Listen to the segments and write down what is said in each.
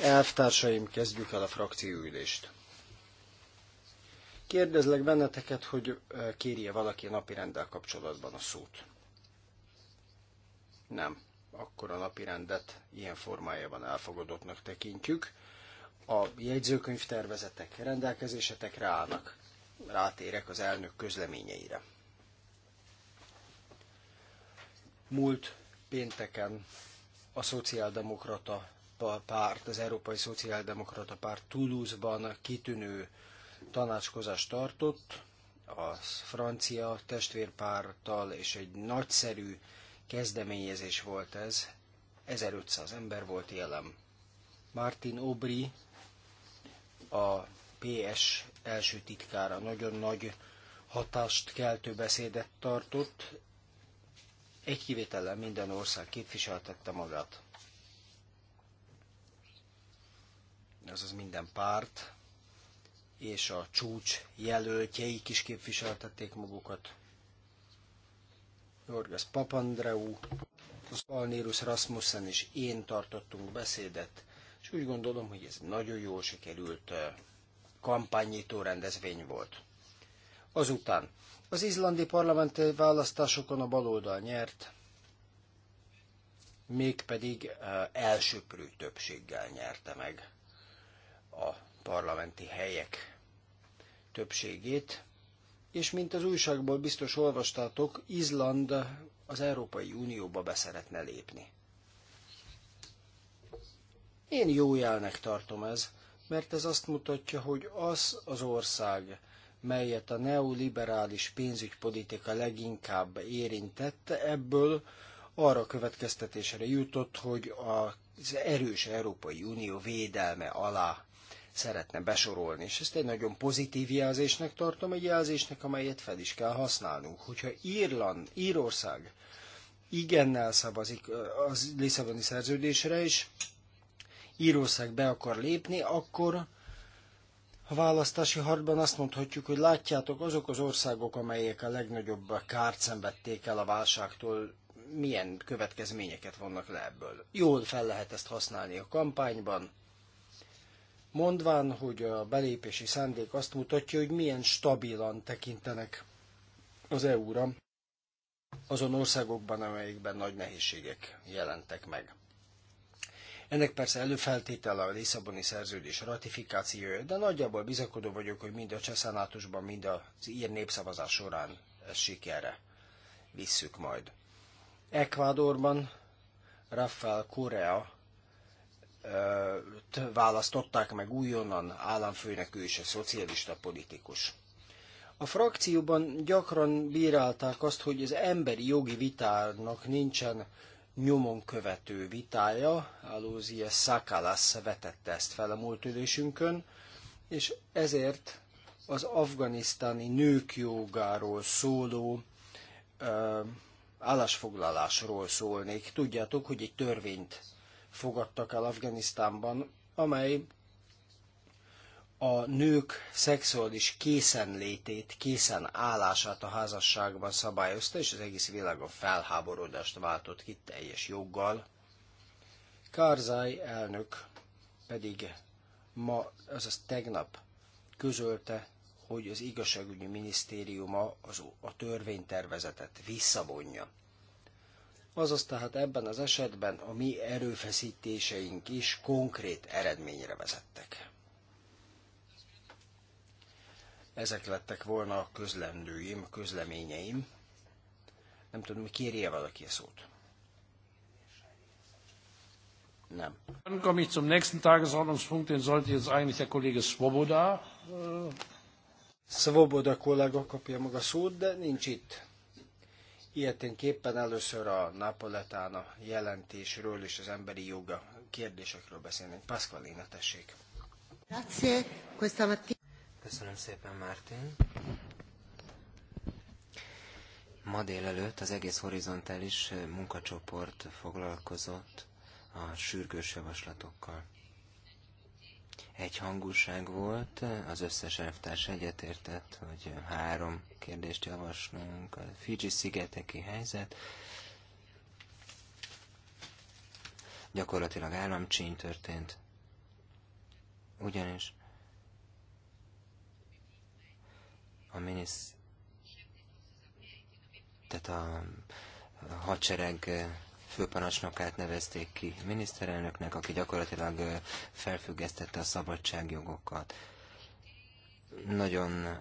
Elvtársaim, kezdjük el a frakcióülést. Kérdezlek benneteket, hogy kérje valaki a napi rendel kapcsolatban a szót. Nem. Akkor a napi rendet ilyen formájában elfogadottnak tekintjük. A jegyzőkönyv tervezetek rendelkezésetekre állnak. Rátérek az elnök közleményeire. Múlt pénteken a szociáldemokrata párt, az Európai Szociáldemokrata Párt Toulouse-ban kitűnő tanácskozást tartott, a francia testvérpárttal, és egy nagyszerű kezdeményezés volt ez. 1500 ember volt jelen. Martin Aubry, a PS első titkára nagyon nagy hatást keltő beszédet tartott, egy kivétellel minden ország képviseltette magát. Azaz minden párt és a csúcs jelöltjeik is képviseltették magukat. Jorgesz Papandreou, Alnérus Rasmussen és én tartottunk beszédet, és úgy gondolom, hogy ez nagyon jól sikerült eh, kampányító rendezvény volt. Azután az izlandi parlamenti választásokon a baloldal nyert, mégpedig eh, elsőprő többséggel nyerte meg a parlamenti helyek többségét, és mint az újságból biztos olvastátok, Izland az Európai Unióba beszeretne lépni. Én jó jelnek tartom ez, mert ez azt mutatja, hogy az az ország, melyet a neoliberális pénzügypolitika leginkább érintett, ebből arra következtetésre jutott, hogy az erős Európai Unió védelme alá szeretne besorolni. És ezt egy nagyon pozitív jelzésnek tartom, egy jelzésnek, amelyet fel is kell használnunk. Hogyha Írland, Írország igennel szavazik az Lisszaboni szerződésre, is, Írország be akar lépni, akkor a választási harcban azt mondhatjuk, hogy látjátok, azok az országok, amelyek a legnagyobb kárt szenvedték el a válságtól, milyen következményeket vannak le ebből. Jól fel lehet ezt használni a kampányban, mondván, hogy a belépési szándék azt mutatja, hogy milyen stabilan tekintenek az EU-ra azon országokban, amelyekben nagy nehézségek jelentek meg. Ennek persze előfeltétele a Lisszaboni szerződés ratifikációja, de nagyjából bizakodó vagyok, hogy mind a csehszenátusban, mind az ír népszavazás során ezt sikerre visszük majd. Ekvádorban Rafael Korea választották meg újonnan államfőnek, ő is a szocialista politikus. A frakcióban gyakran bírálták azt, hogy az emberi jogi vitának nincsen nyomon követő vitája, Alózia szakalas vetette ezt fel a múlt ülésünkön, és ezért az afganisztáni nők jogáról szóló ö, állásfoglalásról szólnék. Tudjátok, hogy egy törvényt fogadtak el Afganisztánban, amely a nők szexuális készenlétét, készen állását a házasságban szabályozta, és az egész világon felháborodást váltott ki teljes joggal. Karzai elnök pedig ma, azaz tegnap közölte, hogy az igazságügyi minisztériuma az, a törvénytervezetet visszavonja. Azaz tehát ebben az esetben a mi erőfeszítéseink is konkrét eredményre vezettek. Ezek lettek volna a közlendőim, a közleményeim. Nem tudom, mi kérje valaki a szót. Nem. Dann komme ich zum nächsten Tagesordnungspunkt, den sollte jetzt eigentlich der Kollege Svoboda. Äh, Svoboda kollega kapja meg a szót, de nincs itt. Ilyeténképpen először a Napoletán a jelentésről és az emberi joga kérdésekről beszélnénk. Pasqualina, tessék. Grazie, questa mattina. Köszönöm szépen, Mártin. Ma délelőtt az egész horizontális munkacsoport foglalkozott a sürgős javaslatokkal. Egy hangúság volt, az összes elvtárs egyetértett, hogy három kérdést javaslunk. A Fiji szigeteki helyzet, gyakorlatilag államcsíny történt. Ugyanis a minisz... tehát a, hadsereg főparancsnokát nevezték ki miniszterelnöknek, aki gyakorlatilag felfüggesztette a szabadságjogokat. Nagyon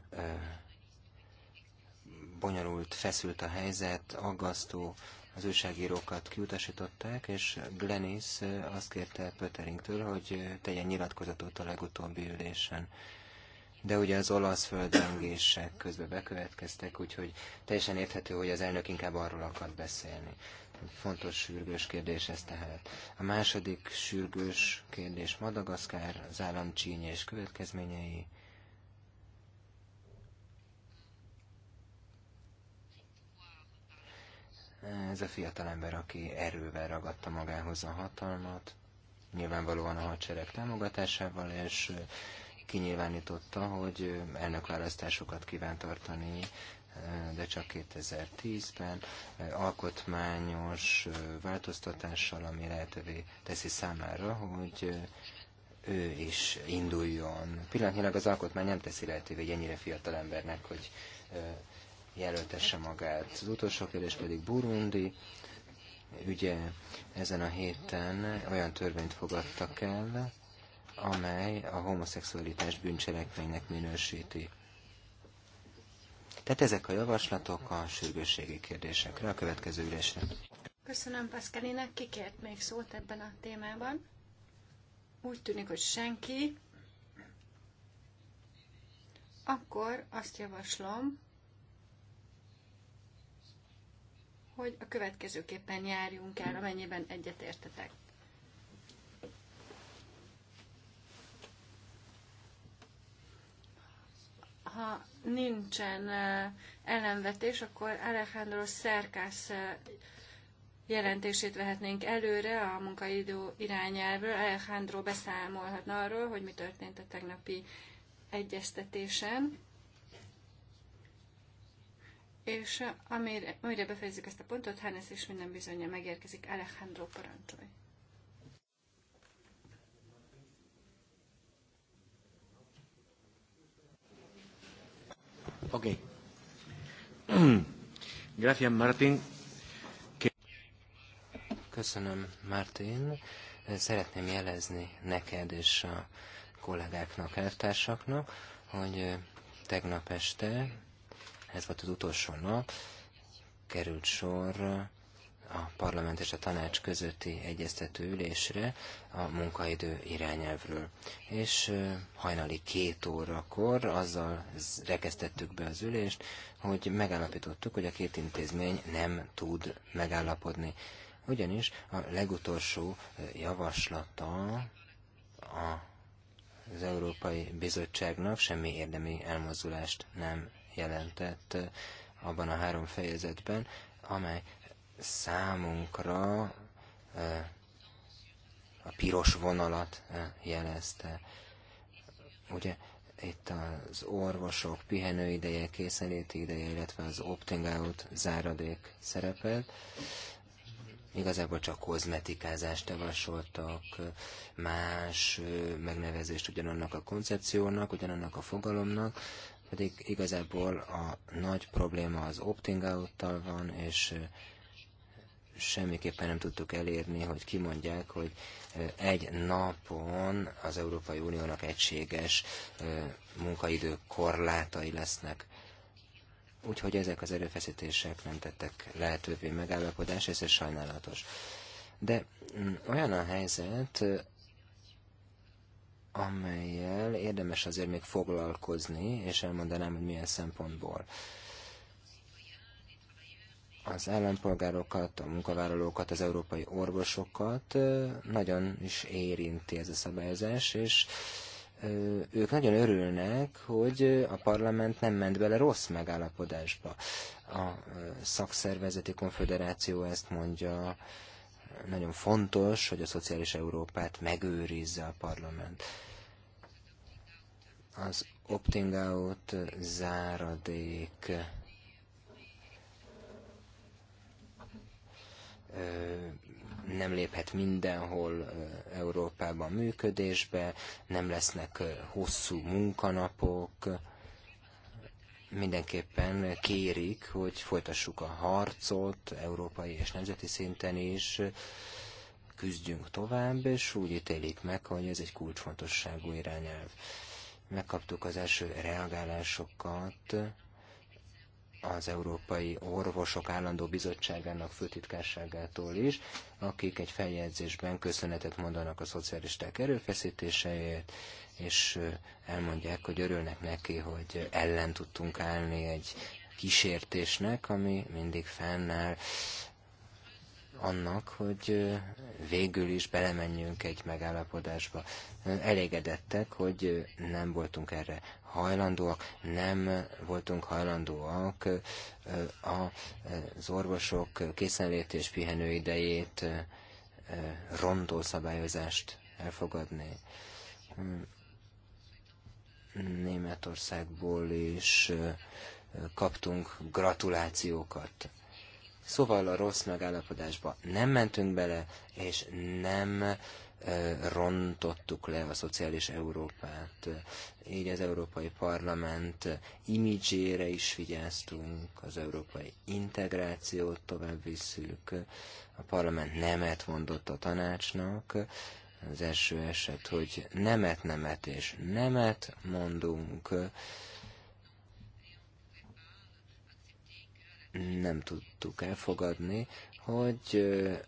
bonyolult, feszült a helyzet, aggasztó, az újságírókat kiutasították, és Glenis azt kérte Pöteringtől, hogy tegyen nyilatkozatot a legutóbbi ülésen de ugye az olasz földrengések közben bekövetkeztek, úgyhogy teljesen érthető, hogy az elnök inkább arról akart beszélni. Fontos sürgős kérdés ez tehát. A második sürgős kérdés Madagaszkár, az állam csínye és következményei. Ez a fiatalember, aki erővel ragadta magához a hatalmat, nyilvánvalóan a hadsereg támogatásával, és kinyilvánította, hogy elnökválasztásokat kíván tartani de csak 2010-ben alkotmányos változtatással, ami lehetővé teszi számára, hogy ő is induljon. Pillanatnyilag az alkotmány nem teszi lehetővé egy ennyire fiatal embernek, hogy jelöltesse magát. Az utolsó kérdés pedig Burundi. Ugye ezen a héten olyan törvényt fogadtak el, amely a homoszexualitás bűncselekménynek minősíti. Tehát ezek a javaslatok a sürgősségi kérdésekre a következő ülésre. Köszönöm Paszkalinek, kikért még szót ebben a témában. Úgy tűnik, hogy senki. Akkor azt javaslom, hogy a következőképpen járjunk el, amennyiben egyetértetek. Ha nincsen ellenvetés, akkor Alejandro Szerkász jelentését vehetnénk előre a munkaidő irányelvről. Alejandro beszámolhatna arról, hogy mi történt a tegnapi egyeztetésen. És amire, amire befejezzük ezt a pontot, Hannes és minden bizonyja megérkezik. Alejandro parancsolj. Ok. Gracias, Martin. Köszönöm, Martin. Szeretném jelezni neked és a kollégáknak, elvtársaknak, hogy tegnap este, ez volt az utolsó nap, került sor a parlament és a tanács közötti egyeztető ülésre a munkaidő irányelvről. És hajnali két órakor azzal rekesztettük be az ülést, hogy megállapítottuk, hogy a két intézmény nem tud megállapodni. Ugyanis a legutolsó javaslata a az Európai Bizottságnak semmi érdemi elmozdulást nem jelentett abban a három fejezetben, amely számunkra eh, a piros vonalat eh, jelezte. Ugye itt az orvosok pihenőideje, készenléti ideje, illetve az opting out záradék szerepel. Igazából csak kozmetikázást javasoltak, más eh, megnevezést ugyanannak a koncepciónak, ugyanannak a fogalomnak, pedig igazából a nagy probléma az opting out-tal van, és semmiképpen nem tudtuk elérni, hogy kimondják, hogy egy napon az Európai Uniónak egységes munkaidő korlátai lesznek. Úgyhogy ezek az erőfeszítések nem tettek lehetővé megállapodás, ez sajnálatos. De mm, olyan a helyzet, amelyel érdemes azért még foglalkozni, és elmondanám, hogy milyen szempontból az állampolgárokat, a munkavállalókat, az európai orvosokat nagyon is érinti ez a szabályozás, és ők nagyon örülnek, hogy a parlament nem ment bele rossz megállapodásba. A szakszervezeti konfederáció ezt mondja, nagyon fontos, hogy a szociális Európát megőrizze a parlament. Az opting-out záradék nem léphet mindenhol Európában működésbe, nem lesznek hosszú munkanapok, mindenképpen kérik, hogy folytassuk a harcot európai és nemzeti szinten is, küzdjünk tovább, és úgy ítélik meg, hogy ez egy kulcsfontosságú irányelv. Megkaptuk az első reagálásokat, az Európai Orvosok Állandó Bizottságának főtitkárságától is, akik egy feljegyzésben köszönetet mondanak a szocialisták erőfeszítéseért, és elmondják, hogy örülnek neki, hogy ellen tudtunk állni egy kísértésnek, ami mindig fennáll annak, hogy végül is belemenjünk egy megállapodásba. Elégedettek, hogy nem voltunk erre hajlandóak, nem voltunk hajlandóak az orvosok készenlét és pihenő idejét rondó szabályozást elfogadni. Németországból is kaptunk gratulációkat. Szóval a rossz megállapodásba nem mentünk bele, és nem rontottuk le a szociális Európát. Így az Európai Parlament imidzsére is figyeztünk, az európai integrációt tovább visszük, a parlament nemet mondott a tanácsnak, az első eset, hogy nemet, nemet és nemet mondunk, nem tudtuk elfogadni, hogy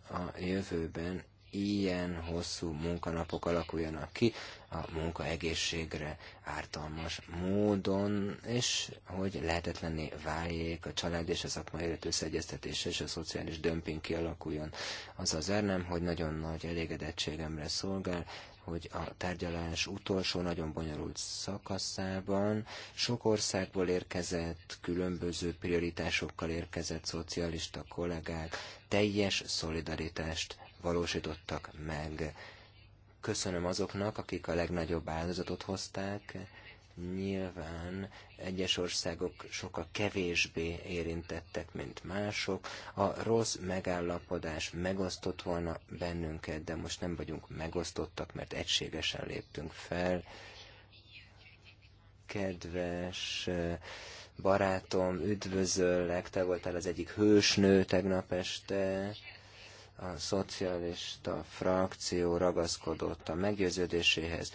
a jövőben ilyen hosszú munkanapok alakuljanak ki a munkaegészségre ártalmas módon, és hogy lehetetlenné váljék a család és a szakmai élet összeegyeztetése és a szociális dömping kialakuljon. Az az nem, hogy nagyon nagy elégedettségemre szolgál, hogy a tárgyalás utolsó nagyon bonyolult szakaszában sok országból érkezett, különböző prioritásokkal érkezett szocialista kollégák teljes szolidaritást valósítottak meg. Köszönöm azoknak, akik a legnagyobb áldozatot hozták. Nyilván egyes országok sokkal kevésbé érintettek, mint mások. A rossz megállapodás megosztott volna bennünket, de most nem vagyunk megosztottak, mert egységesen léptünk fel. Kedves barátom, üdvözöllek, te voltál az egyik hősnő tegnap este a szocialista frakció ragaszkodott a meggyőződéséhez.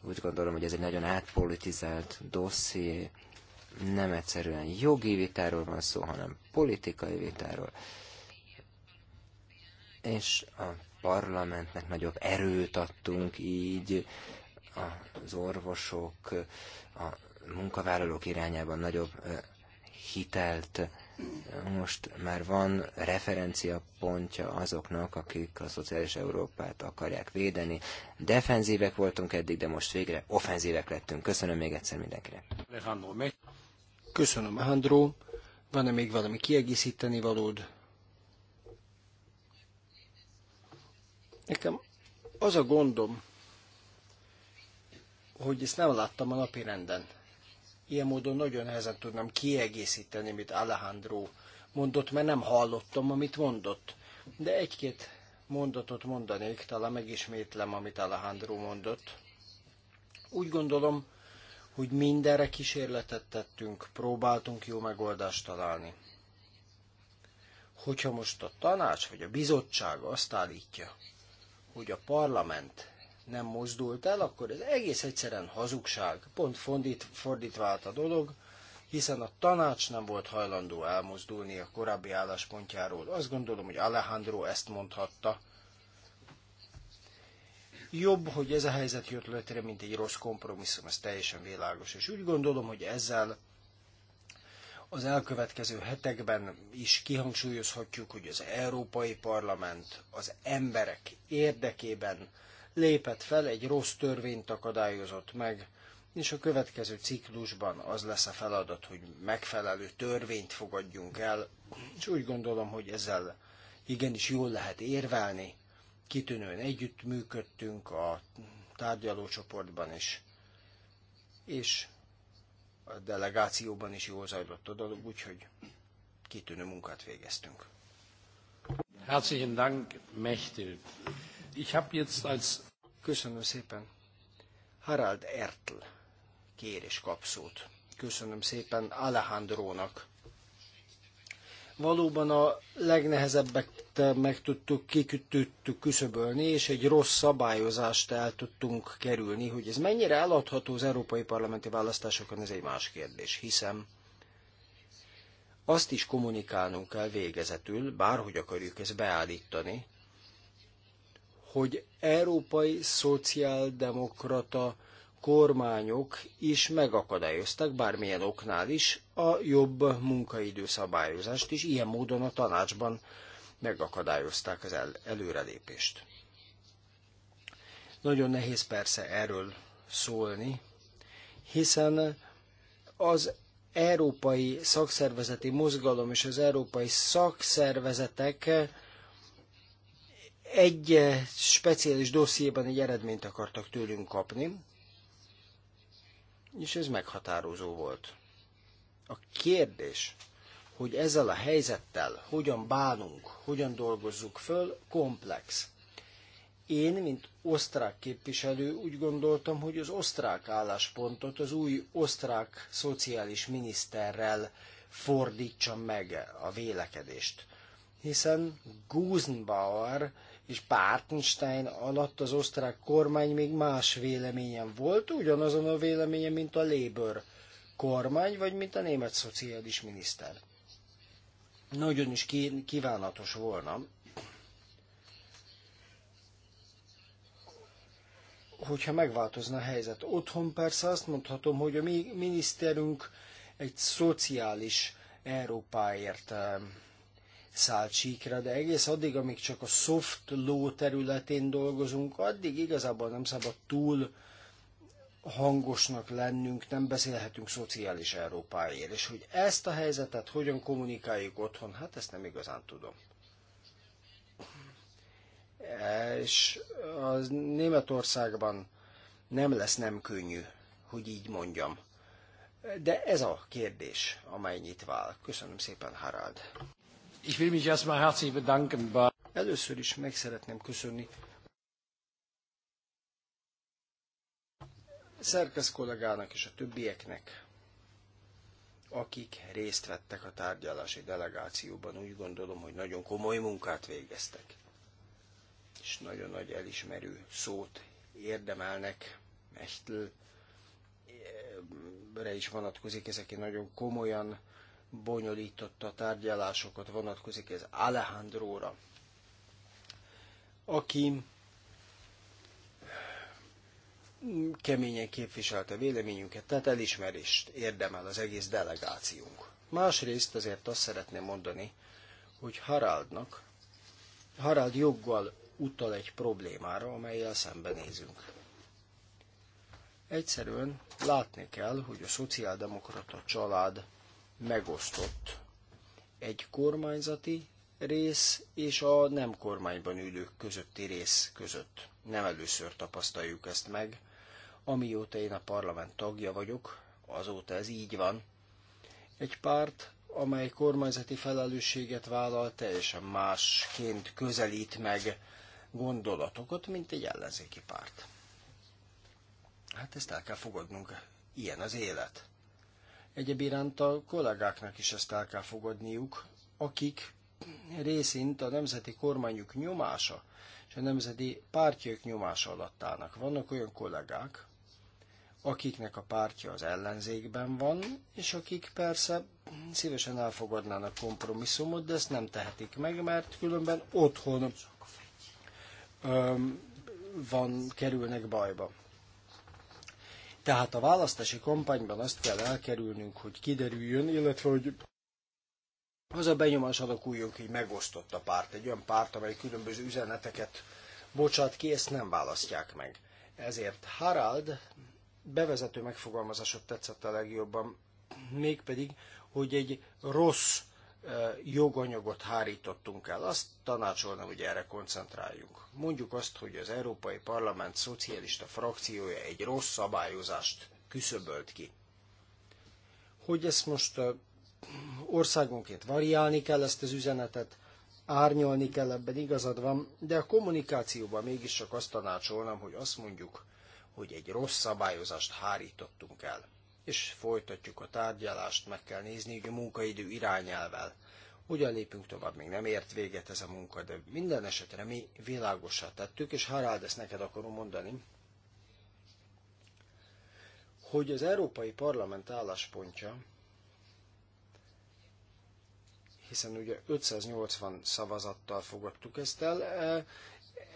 Úgy gondolom, hogy ez egy nagyon átpolitizált dosszié. Nem egyszerűen jogi vitáról van szó, hanem politikai vitáról. És a parlamentnek nagyobb erőt adtunk így, az orvosok, a munkavállalók irányában nagyobb hitelt most már van referenciapontja azoknak, akik a szociális Európát akarják védeni. Defenzívek voltunk eddig, de most végre offenzívek lettünk. Köszönöm még egyszer mindenkinek. Köszönöm, Andró. Van-e még valami kiegészíteni valód? Nekem az a gondom, hogy ezt nem láttam a napi renden. Ilyen módon nagyon nehezen tudnám kiegészíteni, amit Alejandro mondott, mert nem hallottam, amit mondott. De egy-két mondatot mondanék, talán megismétlem, amit Alejandro mondott. Úgy gondolom, hogy mindenre kísérletet tettünk, próbáltunk jó megoldást találni. Hogyha most a tanács vagy a bizottság azt állítja, hogy a parlament nem mozdult el, akkor ez egész egyszerűen hazugság. Pont fordít, fordítva állt a dolog, hiszen a tanács nem volt hajlandó elmozdulni a korábbi álláspontjáról. Azt gondolom, hogy Alejandro ezt mondhatta. Jobb, hogy ez a helyzet jött létre, mint egy rossz kompromisszum, ez teljesen világos. És úgy gondolom, hogy ezzel az elkövetkező hetekben is kihangsúlyozhatjuk, hogy az Európai Parlament az emberek érdekében lépett fel, egy rossz törvényt akadályozott meg, és a következő ciklusban az lesz a feladat, hogy megfelelő törvényt fogadjunk el, és úgy gondolom, hogy ezzel igenis jól lehet érvelni. Kitűnően együttműködtünk a tárgyalócsoportban is, és a delegációban is jól zajlott a dolog, úgyhogy kitűnő munkát végeztünk. Herzlichen Dank, Ich habe jetzt als... Köszönöm szépen. Harald Ertl kér és Köszönöm szépen Alejandrónak. Valóban a legnehezebbet meg tudtuk, kikütöttük küszöbölni, és egy rossz szabályozást el tudtunk kerülni, hogy ez mennyire eladható az európai parlamenti választásokon, ez egy más kérdés, hiszem azt is kommunikálnunk kell végezetül, bárhogy akarjuk ezt beállítani, hogy európai szociáldemokrata kormányok is megakadályoztak bármilyen oknál is a jobb munkaidő szabályozást, és ilyen módon a tanácsban megakadályozták az el- előrelépést. Nagyon nehéz persze erről szólni, hiszen az európai szakszervezeti mozgalom és az európai szakszervezetek egy eh, speciális dossziéban egy eredményt akartak tőlünk kapni, és ez meghatározó volt. A kérdés, hogy ezzel a helyzettel hogyan bánunk, hogyan dolgozzuk föl, komplex. Én, mint osztrák képviselő úgy gondoltam, hogy az osztrák álláspontot az új osztrák szociális miniszterrel fordítsa meg a vélekedést. Hiszen Gusenbauer és Bartenstein alatt az osztrák kormány még más véleményen volt, ugyanazon a véleményen, mint a Labour kormány, vagy mint a német szociális miniszter. Nagyon is kívánatos volna, hogyha megváltozna a helyzet. Otthon persze azt mondhatom, hogy a mi miniszterünk egy szociális Európáért eh, szállt síkra, de egész addig, amíg csak a soft law területén dolgozunk, addig igazából nem szabad túl hangosnak lennünk, nem beszélhetünk szociális Európáért. És hogy ezt a helyzetet hogyan kommunikáljuk otthon, hát ezt nem igazán tudom. És az Németországban nem lesz nem könnyű, hogy így mondjam. De ez a kérdés, amely nyitva áll. Köszönöm szépen, Harald. Ich will mich erstmal herzlich bedanken bei Először is meg szeretném köszönni szerkesz kollégának és a többieknek, akik részt vettek a tárgyalási delegációban. Úgy gondolom, hogy nagyon komoly munkát végeztek, és nagyon nagy elismerő szót érdemelnek. Mechtelre eh, is vonatkozik, ezek nagyon komolyan bonyolította a tárgyalásokat, vonatkozik ez Alejandróra, aki keményen képviselte véleményünket, tehát elismerést érdemel az egész delegációnk. Másrészt azért azt szeretném mondani, hogy Haraldnak, Harald joggal utal egy problémára, amelyel szembenézünk. Egyszerűen látni kell, hogy a szociáldemokrata család megosztott. Egy kormányzati rész és a nem kormányban ülők közötti rész között. Nem először tapasztaljuk ezt meg. Amióta én a parlament tagja vagyok, azóta ez így van. Egy párt, amely kormányzati felelősséget vállal, teljesen másként közelít meg gondolatokat, mint egy ellenzéki párt. Hát ezt el kell fogadnunk, ilyen az élet. Egyéb iránt a kollégáknak is ezt el kell fogadniuk, akik részint a nemzeti kormányuk nyomása és a nemzeti pártjaik nyomása alatt állnak. Vannak olyan kollégák, akiknek a pártja az ellenzékben van, és akik persze szívesen elfogadnának kompromisszumot, de ezt nem tehetik meg, mert különben otthon öm, van, kerülnek bajba. Tehát a választási kampányban azt kell elkerülnünk, hogy kiderüljön, illetve hogy az a benyomás alakuljon hogy megosztott a párt, egy olyan párt, amely különböző üzeneteket bocsát ki, ezt nem választják meg. Ezért Harald bevezető megfogalmazásot tetszett a legjobban, mégpedig, hogy egy rossz joganyagot hárítottunk el. Azt tanácsolnám, hogy erre koncentráljunk. Mondjuk azt, hogy az Európai Parlament szocialista frakciója egy rossz szabályozást küszöbölt ki. Hogy ezt most országonként variálni kell ezt az üzenetet, árnyalni kell, ebben igazad van, de a kommunikációban mégiscsak azt tanácsolnám, hogy azt mondjuk, hogy egy rossz szabályozást hárítottunk el és folytatjuk a tárgyalást, meg kell nézni, hogy a munkaidő irányelvel. Ugyan lépünk tovább, még nem ért véget ez a munka, de minden esetre mi világosá tettük, és Harald, ezt neked akarom mondani, hogy az Európai Parlament álláspontja, hiszen ugye 580 szavazattal fogadtuk ezt el, e,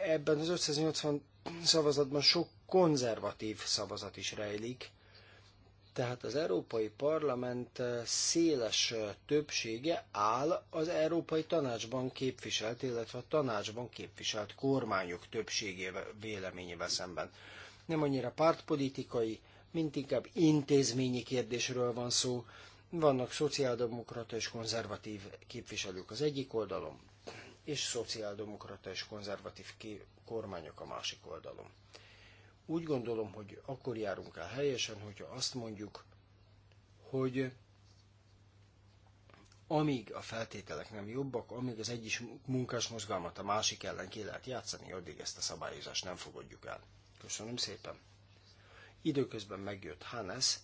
ebben az 580 szavazatban sok konzervatív szavazat is rejlik, tehát az Európai Parlament eh, széles eh, többsége áll az Európai Tanácsban képviselt, illetve a tanácsban képviselt kormányok többségével véleményével szemben. Nem annyira pártpolitikai, mint inkább intézményi kérdésről van szó. Vannak szociáldemokrata és konzervatív képviselők az egyik oldalon, és szociáldemokrata és konzervatív kormányok a másik oldalon. Úgy gondolom, hogy akkor járunk el helyesen, hogyha azt mondjuk, hogy amíg a feltételek nem jobbak, amíg az egyik munkás mozgalmat a másik ellen ki lehet játszani, addig ezt a szabályozást nem fogadjuk el. Köszönöm szépen. Időközben megjött Hannes,